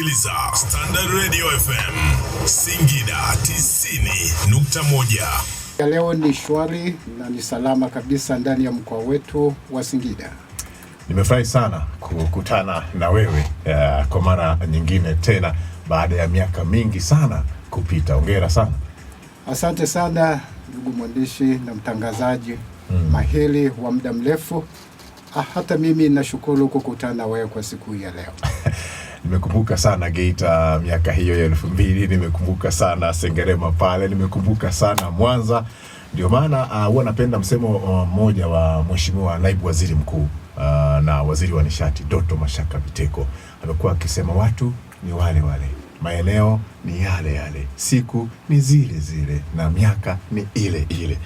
unasikiliza Standard Radio FM Singida 90.1. Ya leo ni shwari na ni salama kabisa ndani ya mkoa wetu wa Singida. Nimefurahi sana kukutana na wewe uh, kwa mara nyingine tena baada ya miaka mingi sana kupita. Hongera sana. Asante sana ndugu mwandishi na mtangazaji hmm, mahili wa muda mrefu. Ah, hata mimi nashukuru kukutana wewe kwa siku hii ya leo Nimekumbuka sana Geita miaka hiyo ya elfu mbili, nimekumbuka sana Sengerema pale, nimekumbuka sana Mwanza. Ndio maana uh, huwa napenda msemo ah, mmoja uh, wa Mheshimiwa Naibu Waziri Mkuu uh, na Waziri wa Nishati Doto Mashaka Biteko amekuwa akisema watu ni wale wale, maeneo ni yale yale, siku ni zile zile na miaka ni ile ile.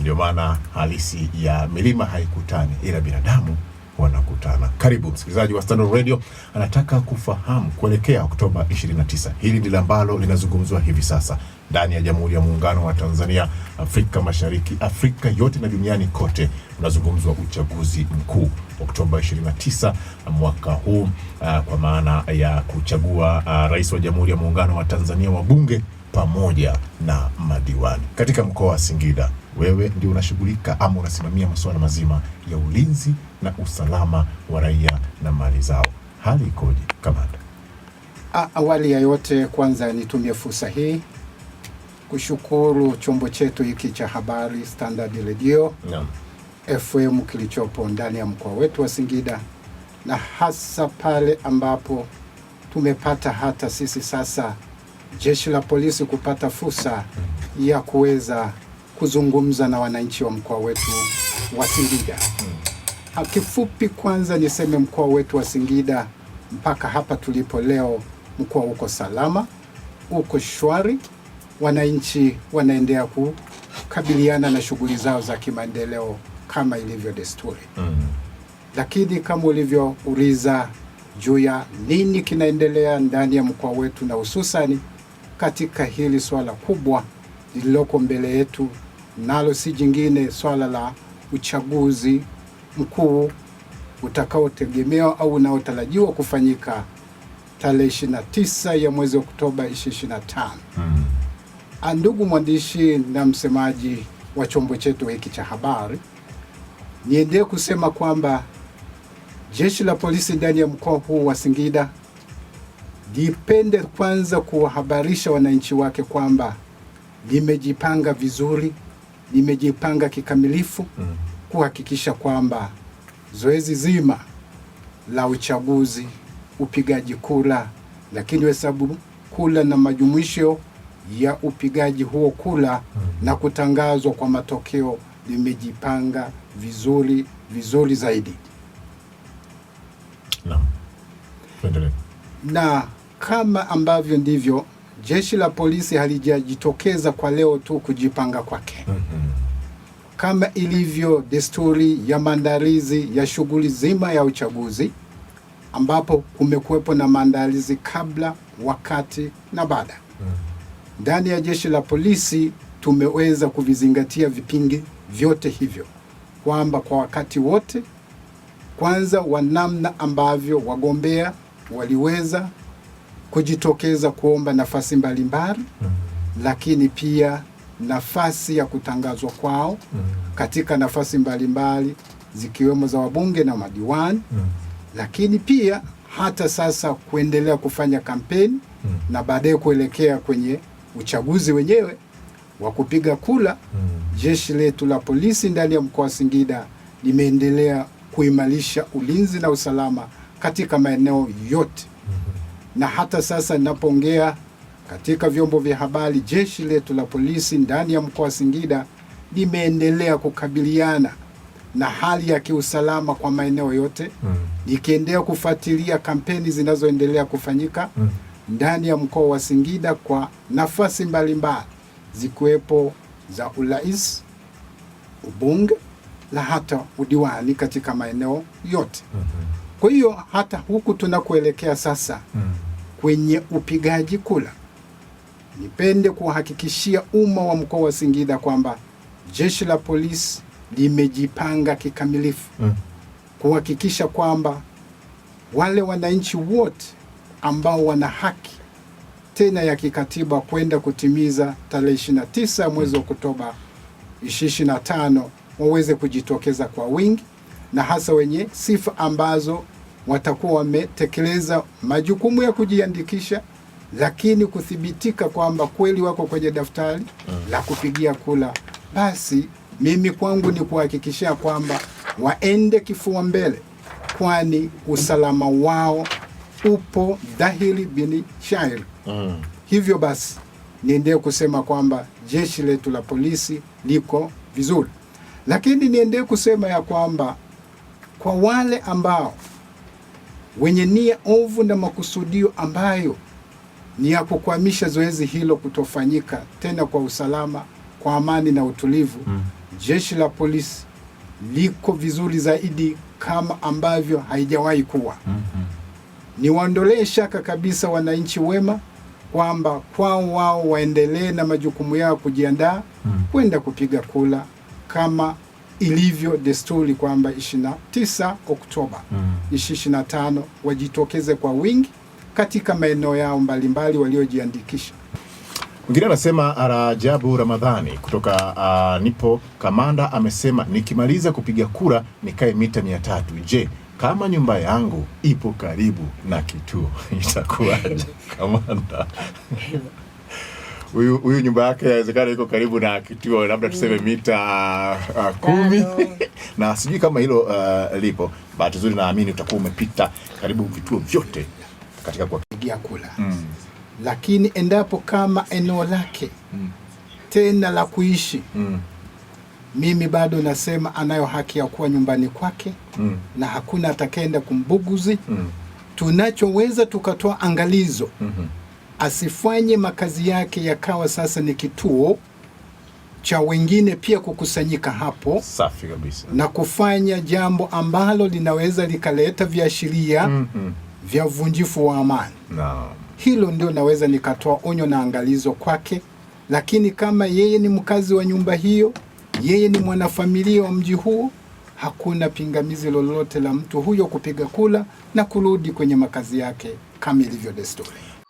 Ndio maana halisi ya milima haikutani, ila binadamu wanakutana. Karibu msikilizaji wa Standard Radio anataka kufahamu kuelekea Oktoba 29, hili ndilo ambalo linazungumzwa hivi sasa ndani ya Jamhuri ya Muungano wa Tanzania, Afrika Mashariki, Afrika yote na duniani kote unazungumzwa uchaguzi mkuu Oktoba 29 mwaka huu, ah, kwa maana ya kuchagua ah, rais wa Jamhuri ya Muungano wa Tanzania, wabunge pamoja na madiwani katika mkoa wa Singida wewe ndio unashughulika ama unasimamia masuala mazima ya ulinzi na usalama wa raia na mali zao. Hali ikoje, kamanda? Awali ya yote, kwanza nitumie fursa hii kushukuru chombo chetu hiki cha habari Standard Radio FM kilichopo ndani ya mkoa wetu wa Singida na hasa pale ambapo tumepata hata sisi sasa jeshi la polisi kupata fursa ya kuweza kuzungumza na wananchi wa mkoa wetu wa Singida. Hmm. Kifupi kwanza niseme mkoa wetu wa Singida mpaka hapa tulipo leo, mkoa uko salama, uko shwari, wananchi wanaendelea kukabiliana na shughuli zao za kimaendeleo kama ilivyo desturi hmm. Lakini kama ulivyouliza juu ya nini kinaendelea ndani ya mkoa wetu na hususani katika hili swala kubwa lililoko mbele yetu nalo si jingine swala la uchaguzi mkuu utakaotegemewa au unaotarajiwa kufanyika tarehe 29 ya mwezi wa Oktoba 2025. Mm. Ndugu mwandishi na msemaji wa chombo chetu hiki cha habari, niendelee kusema kwamba jeshi la polisi ndani ya mkoa huu wa Singida lipende kwanza kuwahabarisha wananchi wake kwamba limejipanga vizuri nimejipanga kikamilifu mm. kuhakikisha kwamba zoezi zima la uchaguzi, upigaji kura, lakini hesabu kura na majumuisho ya upigaji huo kura mm. na kutangazwa kwa matokeo limejipanga vizuri vizuri zaidi na, na kama ambavyo ndivyo jeshi la polisi halijajitokeza kwa leo tu kujipanga kwake. mm -hmm. Kama ilivyo desturi ya maandalizi ya shughuli zima ya uchaguzi, ambapo kumekuwepo na maandalizi kabla, wakati na baada. Ndani ya jeshi la polisi tumeweza kuvizingatia vipingi vyote hivyo, kwamba kwa wakati wote, kwanza wa namna ambavyo wagombea waliweza kujitokeza kuomba nafasi mbalimbali, hmm. lakini pia nafasi ya kutangazwa kwao mm. katika nafasi mbalimbali mbali, zikiwemo za wabunge na madiwani mm. lakini pia hata sasa kuendelea kufanya kampeni mm. na baadaye kuelekea kwenye uchaguzi wenyewe wa kupiga kura mm. Jeshi letu la polisi ndani ya mkoa wa Singida limeendelea kuimarisha ulinzi na usalama katika maeneo yote mm -hmm. na hata sasa ninapoongea katika vyombo vya habari, jeshi letu la polisi ndani ya mkoa wa Singida limeendelea kukabiliana na hali ya kiusalama kwa maeneo yote mm. likiendelea kufuatilia kampeni zinazoendelea kufanyika mm. ndani ya mkoa wa Singida kwa nafasi mbalimbali zikiwepo za urais, ubunge na hata udiwani katika maeneo yote mm -hmm. Kwa hiyo hata huku tunakuelekea sasa mm. kwenye upigaji kura nipende kuwahakikishia umma wa mkoa wa Singida kwamba jeshi la polisi limejipanga kikamilifu mm. kuhakikisha kwamba wale wananchi wote ambao wana haki tena ya kikatiba kwenda kutimiza tarehe 29 ya mwezi wa Oktoba 2025 waweze kujitokeza kwa wingi na hasa wenye sifa ambazo watakuwa wametekeleza majukumu ya kujiandikisha lakini kuthibitika kwamba kweli wako kwenye daftari mm. la kupigia kula, basi mimi kwangu ni kuhakikishia kwamba waende kifua mbele, kwani usalama wao upo dhahiri bini shairi mm. Hivyo basi niendee kusema kwamba jeshi letu la polisi liko vizuri, lakini niendee kusema ya kwamba kwa wale ambao wenye nia ovu na makusudio ambayo ni ya kukwamisha zoezi hilo kutofanyika tena kwa usalama, kwa amani na utulivu mm. Jeshi la polisi liko vizuri zaidi kama ambavyo haijawahi kuwa mm -hmm. Niwaondolee shaka kabisa wananchi wema kwamba kwao wao waendelee na majukumu yao kujiandaa mm. kwenda kupiga kula kama ilivyo desturi kwamba 29 Oktoba mm. 25 wajitokeze kwa wingi katika maeneo yao mbalimbali waliojiandikisha. Mwingine anasema Rajabu Ramadhani kutoka uh, nipo Kamanda amesema nikimaliza kupiga kura nikae mita mia tatu. Je, kama nyumba yangu ipo karibu na kituo itakuwaje? Kamanda huyu huyu nyumba yake inawezekana iko karibu na kituo, labda tuseme mm. mita uh, uh, kumi na sijui kama hilo uh, lipo. Bahati nzuri naamini utakuwa umepita karibu vituo vyote katika kuwapigia kula mm. Lakini endapo kama eneo lake mm. tena la kuishi mm. mimi bado nasema anayo haki ya kuwa nyumbani kwake mm. na hakuna atakaenda kumbuguzi mm. tunachoweza tukatoa angalizo mm -hmm. asifanye makazi yake yakawa sasa ni kituo cha wengine pia kukusanyika hapo. Safi kabisa. Na kufanya jambo ambalo linaweza likaleta viashiria mm -hmm vya uvunjifu wa amani no. Hilo ndio naweza nikatoa onyo na angalizo kwake, lakini kama yeye ni mkazi wa nyumba hiyo, yeye ni mwanafamilia wa mji huo, hakuna pingamizi lolote la mtu huyo kupiga kula na kurudi kwenye makazi yake kama ilivyo desturi.